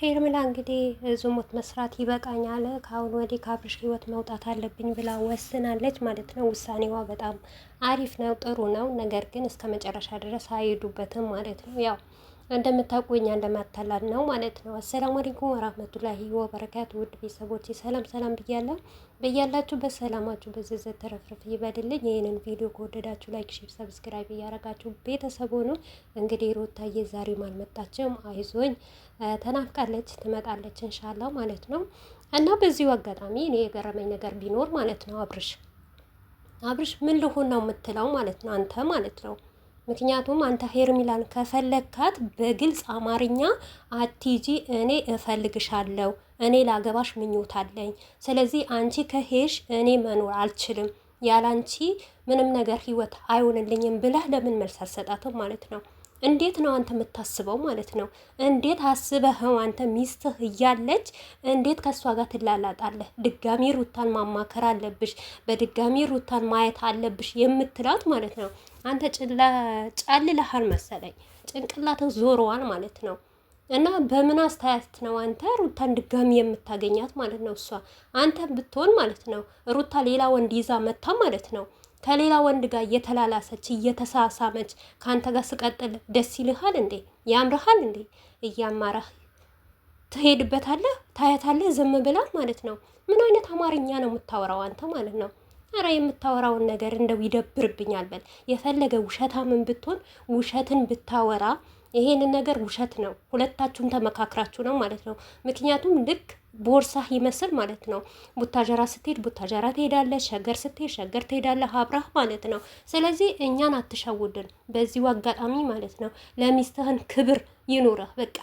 ሄርሜላ እንግዲህ ዝሙት መስራት ይበቃኛል፣ ከአሁን ወዲህ ከአብርሽ ህይወት መውጣት አለብኝ ብላ ወስናለች ማለት ነው። ውሳኔዋ በጣም አሪፍ ነው፣ ጥሩ ነው። ነገር ግን እስከ መጨረሻ ድረስ አይሄዱበትም ማለት ነው ያው እንደምታውቁኝ እንደማታላል ነው ማለት ነው። አሰላሙ አለይኩም ወራህመቱላሂ ወበረካቱ። ውድ ቤተሰቦች ሰላም ሰላም ብያለሁ። በያላችሁ በሰላማችሁ በዘዘ ተረፍርፍ ይበልልኝ። ይህንን ቪዲዮ ከወደዳችሁ ላይክ፣ ሼር፣ ሰብስክራይብ እያረጋችሁ ቤተሰብ ሆኑ። እንግዲህ ሩታዬ ዛሬም አልመጣችም። አይዞኝ ተናፍቃለች፣ ትመጣለች እንሻላ ማለት ነው። እና በዚሁ አጋጣሚ እኔ የገረመኝ ነገር ቢኖር ማለት ነው አብርሽ አብርሽ ምን ልሆን ነው የምትለው ማለት ነው አንተ ማለት ነው ምክንያቱም አንተ ሄርሚላን ከፈለግካት በግልጽ አማርኛ አቲጂ እኔ እፈልግሻለሁ፣ እኔ ላገባሽ ምኞት አለኝ። ስለዚህ አንቺ ከሄሽ እኔ መኖር አልችልም፣ ያላንቺ ምንም ነገር ህይወት አይሆንልኝም ብለህ ለምን መልስ አልሰጣትም ማለት ነው? እንዴት ነው አንተ የምታስበው ማለት ነው? እንዴት አስበኸው አንተ ሚስትህ እያለች እንዴት ከእሷ ጋር ትላላጣለህ? ድጋሚ ሩታን ማማከር አለብሽ፣ በድጋሚ ሩታን ማየት አለብሽ የምትላት ማለት ነው። አንተ ጨልለሃል መሰለኝ። ጭንቅላትህ ዞሮዋል ማለት ነው። እና በምን አስተያየት ነው አንተ ሩታን ድጋሚ የምታገኛት ማለት ነው? እሷ አንተ ብትሆን ማለት ነው ሩታ ሌላ ወንድ ይዛ መታ ማለት ነው። ከሌላ ወንድ ጋር እየተላላሰች እየተሳሳመች ከአንተ ጋር ስቀጥል ደስ ይልሃል እንዴ? ያምርሃል እንዴ? እያማረህ ትሄድበታለህ፣ ታያታለህ ዝም ብላ ማለት ነው። ምን አይነት አማርኛ ነው የምታወራው አንተ ማለት ነው? ኧረ የምታወራውን ነገር እንደው ይደብርብኛል በል። የፈለገ ውሸታምን ብትሆን ውሸትን ብታወራ ይሄንን ነገር ውሸት ነው፣ ሁለታችሁም ተመካክራችሁ ነው ማለት ነው። ምክንያቱም ልክ ቦርሳ ይመስል ማለት ነው። ቡታጀራ ስትሄድ ቡታጀራ ትሄዳለህ፣ ሸገር ስትሄድ ሸገር ትሄዳለህ፣ አብራህ ማለት ነው። ስለዚህ እኛን አትሸውድን በዚሁ አጋጣሚ ማለት ነው። ለሚስትህን ክብር ይኑረህ በቃ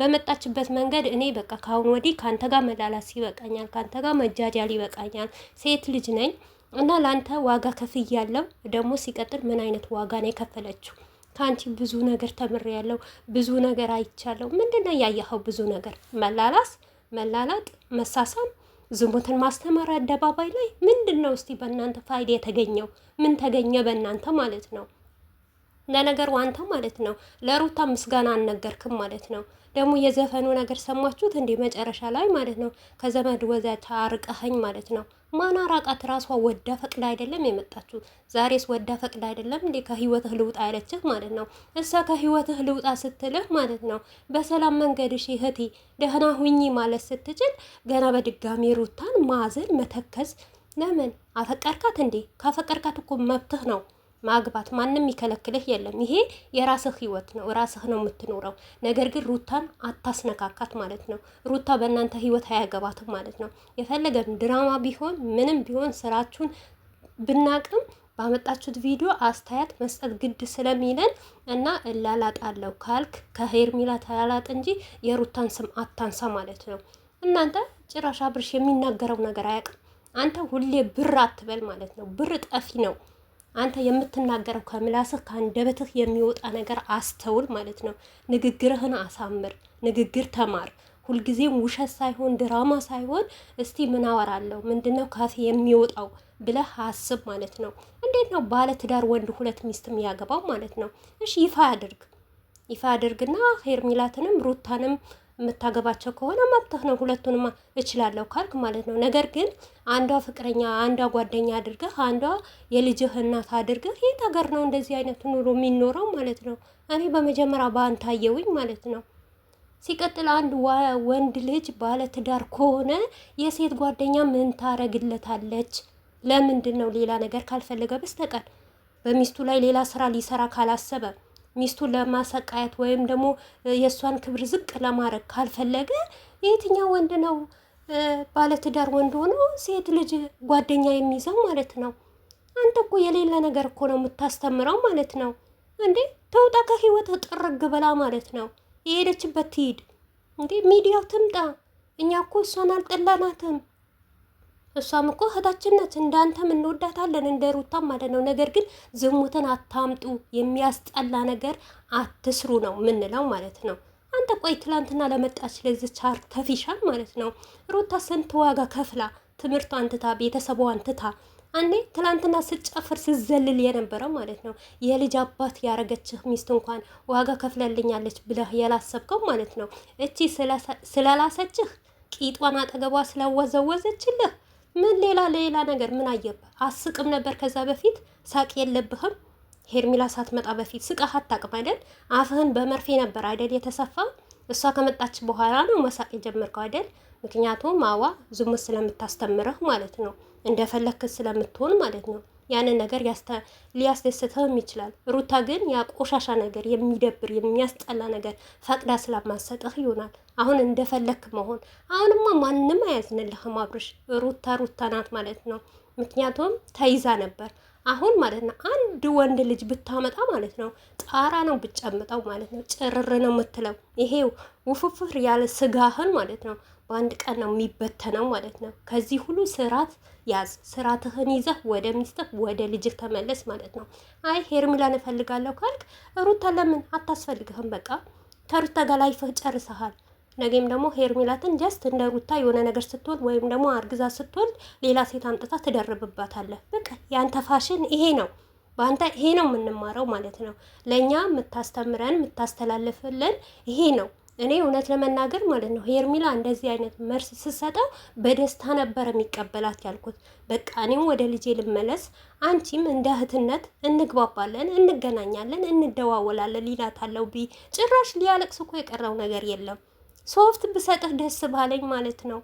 በመጣችበት መንገድ እኔ በቃ ካሁን ወዲህ ከአንተ ጋር መላላስ ይበቃኛል፣ ከአንተ ጋር መጃጃል ይበቃኛል። ሴት ልጅ ነኝ እና ለአንተ ዋጋ ከፍያለሁ። ደግሞ ሲቀጥል ምን አይነት ዋጋ ነው የከፈለችው? ከአንቺ ብዙ ነገር ተምሬያለሁ፣ ብዙ ነገር አይቻለሁ። ምንድን ነው ያየኸው? ብዙ ነገር መላላስ፣ መላላጥ፣ መሳሳም፣ ዝሙትን ማስተማር አደባባይ ላይ ምንድን ነው እስቲ በእናንተ ፋይዳ የተገኘው? ምን ተገኘ በእናንተ ማለት ነው? ለነገሩ አንተ ማለት ነው ለሩታ ምስጋና አልነገርክም ማለት ነው። ደግሞ የዘፈኑ ነገር ሰማችሁት እንዴ? መጨረሻ ላይ ማለት ነው ከዘመድ ወዘተ አርቀኸኝ ማለት ነው። ማን አራቃት? ራሷ ወዳ ፈቅዳ አይደለም የመጣችሁ። ዛሬስ ወዳ ፈቅዳ አይደለም እንዴ ከህይወትህ ልውጣ አይለችህ ማለት ነው። እሳ ከህይወትህ ልውጣ ስትልህ ማለት ነው በሰላም መንገድሽ እህቴ ደህና ሁኚ ማለት ስትችል ገና በድጋሚ ሩታን ማዘን መተከዝ ለምን አፈቀርካት እንዴ? ካፈቀርካት እኮ መብትህ ነው። ማግባት ማንም የሚከለክልህ የለም። ይሄ የራስህ ህይወት ነው፣ ራስህ ነው የምትኖረው። ነገር ግን ሩታን አታስነካካት ማለት ነው። ሩታ በእናንተ ህይወት አያገባትም ማለት ነው። የፈለገን ድራማ ቢሆን ምንም ቢሆን ስራችሁን ብናቅም ባመጣችሁት ቪዲዮ አስተያየት መስጠት ግድ ስለሚለን እና እላላጣለሁ ካልክ ከሄርሚላ ተላላጥ እንጂ የሩታን ስም አታንሳ ማለት ነው። እናንተ ጭራሽ አብርሽ የሚናገረው ነገር አያውቅም። አንተ ሁሌ ብር አትበል ማለት ነው። ብር ጠፊ ነው። አንተ የምትናገረው ከምላስህ ከአንደበትህ የሚወጣ ነገር አስተውል ማለት ነው። ንግግርህን አሳምር፣ ንግግር ተማር። ሁልጊዜም ውሸት ሳይሆን ድራማ ሳይሆን እስቲ ምን አወራለሁ ምንድነው ካፌ የሚወጣው ብለህ አስብ ማለት ነው። እንዴት ነው ባለ ትዳር ወንድ ሁለት ሚስት የሚያገባው ማለት ነው? እሺ ይፋ አድርግ፣ ይፋ አድርግና ሄርሚላትንም ሩታንም የምታገባቸው ከሆነ መብትህ ነው። ሁለቱንማ እችላለሁ ካልክ ማለት ነው። ነገር ግን አንዷ ፍቅረኛ፣ አንዷ ጓደኛ አድርገህ፣ አንዷ የልጅህ እናት አድርገህ የት ሀገር ነው እንደዚህ አይነት ኑሮ የሚኖረው ማለት ነው? እኔ በመጀመሪያ በአንታየውኝ ማለት ነው። ሲቀጥል አንድ ወንድ ልጅ ባለትዳር ከሆነ የሴት ጓደኛ ምን ታረግለታለች? ለምንድን ነው ሌላ ነገር ካልፈለገ በስተቀር በሚስቱ ላይ ሌላ ስራ ሊሰራ ካላሰበ ሚስቱን ለማሰቃየት ወይም ደግሞ የእሷን ክብር ዝቅ ለማድረግ ካልፈለገ የትኛው ወንድ ነው ባለትዳር ወንድ ሆኖ ሴት ልጅ ጓደኛ የሚይዘው ማለት ነው? አንተ እኮ የሌለ ነገር እኮ ነው የምታስተምረው ማለት ነው። እንዴ ተውጣ ከህይወት ጥርግ ብላ ማለት ነው። የሄደችበት ትሂድ እንዴ ሚዲያው ትምጣ። እኛ እኮ እሷን አልጠላናትም። እሷም እኮ እህታችን ናት፣ እንዳንተም እንወዳታለን እንደ ሩታ ማለት ነው። ነገር ግን ዝሙትን አታምጡ፣ የሚያስጠላ ነገር አትስሩ ነው ምንለው ማለት ነው። አንተ ቆይ ትላንትና ለመጣች ለዚች አርተፊሻል ማለት ነው ሩታ ስንት ዋጋ ከፍላ ትምህርቷን ትታ ቤተሰቧን ትታ አንዴ ትላንትና ስጨፍር ስዘልል የነበረው ማለት ነው የልጅ አባት ያረገችህ ሚስት እንኳን ዋጋ ከፍለልኛለች ብለህ ያላሰብከው ማለት ነው። እቺ ስላላሰችህ ቂጧን አጠገቧ ስላወዘወዘችልህ ምን ሌላ ሌላ ነገር ምን አየብህ? አስቅም ነበር ከዛ በፊት ሳቅ የለብህም። ሄርሚላ ሳትመጣ በፊት ስቃህ አታቅም አይደል? አፍህን በመርፌ ነበር አይደል የተሰፋ። እሷ ከመጣች በኋላ ነው መሳቅ የጀመርከው አይደል? ምክንያቱም አዋ ዝሙት ስለምታስተምርህ ማለት ነው፣ እንደፈለክ ስለምትሆን ማለት ነው። ያንን ነገር ሊያስደስትህም ይችላል። ሩታ ግን ያ ቆሻሻ ነገር የሚደብር የሚያስጠላ ነገር ፈቅዳ ስለማሰጥህ ይሆናል አሁን እንደፈለክ መሆን። አሁንማ ማንም አያዝንልህም አብርሽ። ሩታ ሩታ ናት ማለት ነው። ምክንያቱም ተይዛ ነበር። አሁን ማለት ነው አንድ ወንድ ልጅ ብታመጣ ማለት ነው ጣራ ነው ብጨምጠው ማለት ነው ጭርር ነው የምትለው። ይሄ ውፍፍር ያለ ስጋህን ማለት ነው በአንድ ቀን ነው የሚበተነው ማለት ነው። ከዚህ ሁሉ ስራት ያዝ፣ ስራትህን ይዘህ ወደ ሚስትህ ወደ ልጅህ ተመለስ ማለት ነው። አይ ሄርሚላን እፈልጋለሁ ካልክ ሩታ ለምን አታስፈልግህም? በቃ ከሩታ ጋር ላይፍህ ጨርሰሃል። ነገም ደግሞ ሄርሚላትን ጀስት እንደ ሩታ የሆነ ነገር ስትወልድ ወይም ደግሞ አርግዛ ስትወልድ ሌላ ሴት አምጥታ ትደርብባታለህ። በቃ የአንተ ፋሽን ይሄ ነው። በአንተ ይሄ ነው የምንማረው ማለት ነው። ለእኛ የምታስተምረን የምታስተላልፍልን ይሄ ነው። እኔ እውነት ለመናገር ማለት ነው ሄርሚላ እንደዚህ አይነት መርስ ስሰጠው በደስታ ነበር የሚቀበላት ያልኩት። በቃ እኔም ወደ ልጄ ልመለስ፣ አንቺም እንደ እህትነት እንግባባለን፣ እንገናኛለን፣ እንደዋወላለን ይላታለው። ቢ ጭራሽ ሊያለቅስ እኮ የቀረው ነገር የለም። ሶፍት ብሰጥህ ደስ ባለኝ ማለት ነው።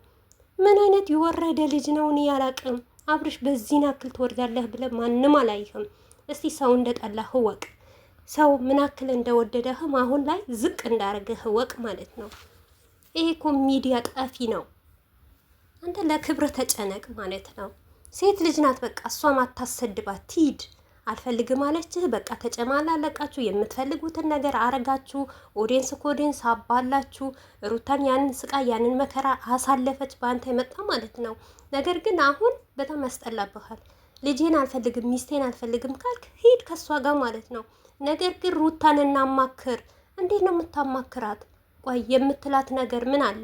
ምን አይነት የወረደ ልጅ ነው? እኔ አላቅም። አብርሽ በዚህን አክል ትወርዳለህ ብለህ ማንም አላይህም። እስቲ ሰው እንደጠላህ እወቅ። ሰው ምን አክል እንደወደደህም አሁን ላይ ዝቅ እንዳረገህ እወቅ ማለት ነው። ይሄ እኮ ሚዲያ ጠፊ ነው። አንተ ለክብር ተጨነቅ ማለት ነው። ሴት ልጅ ናት። በቃ እሷም አታሰድባት ትሂድ። አልፈልግም አለችህ። በቃ ተጨማላለቃችሁ፣ የምትፈልጉትን ነገር አረጋችሁ። ኦዲንስ ኮዲንስ አባላችሁ። ሩታን ያንን ስቃይ ያንን መከራ አሳለፈች በአንተ የመጣ ማለት ነው። ነገር ግን አሁን በጣም ያስጠላብሃል። ልጄን አልፈልግም ሚስቴን አልፈልግም ካልክ ሂድ ከእሷ ጋር ማለት ነው። ነገር ግን ሩታን እናማክር። እንዴት ነው የምታማክራት? ቆይ የምትላት ነገር ምን አለ?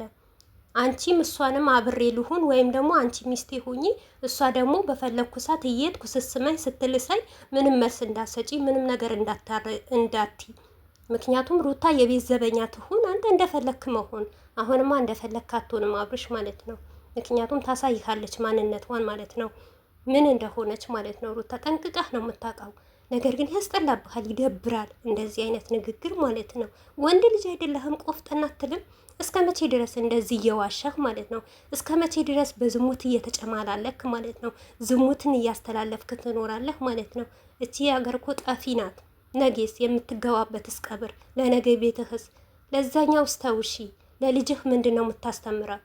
አንቺም እሷንም አብሬ ልሁን ወይም ደግሞ አንቺ ሚስቴ ሁኚ እሷ ደግሞ በፈለግኩ ሰዓት እየሄድኩ ስስመኝ ስትልሳይ ምንም መልስ እንዳሰጪ ምንም ነገር እንዳቲ። ምክንያቱም ሩታ የቤት ዘበኛ ትሁን፣ አንተ እንደፈለክ መሆን። አሁንማ እንደፈለክ አትሆንም አብርሽ ማለት ነው። ምክንያቱም ታሳይካለች ማንነቷን ማለት ነው፣ ምን እንደሆነች ማለት ነው። ሩታ ጠንቅቀህ ነው የምታውቀው። ነገር ግን ያስጠላብሃል፣ ይደብራል እንደዚህ አይነት ንግግር ማለት ነው። ወንድ ልጅ አይደለህም? ቆፍጠን አትልም? እስከ መቼ ድረስ እንደዚህ እየዋሸህ ማለት ነው? እስከ መቼ ድረስ በዝሙት እየተጨማላለክ ማለት ነው? ዝሙትን እያስተላለፍክ ትኖራለህ ማለት ነው። እቺ ሀገር እኮ ጠፊ ናት። ነጌስ የምትገባበትስ ቀብር፣ ለነገ ቤትህስ፣ ለዛኛው ስተውሺ ለልጅህ ምንድን ነው የምታስተምረው?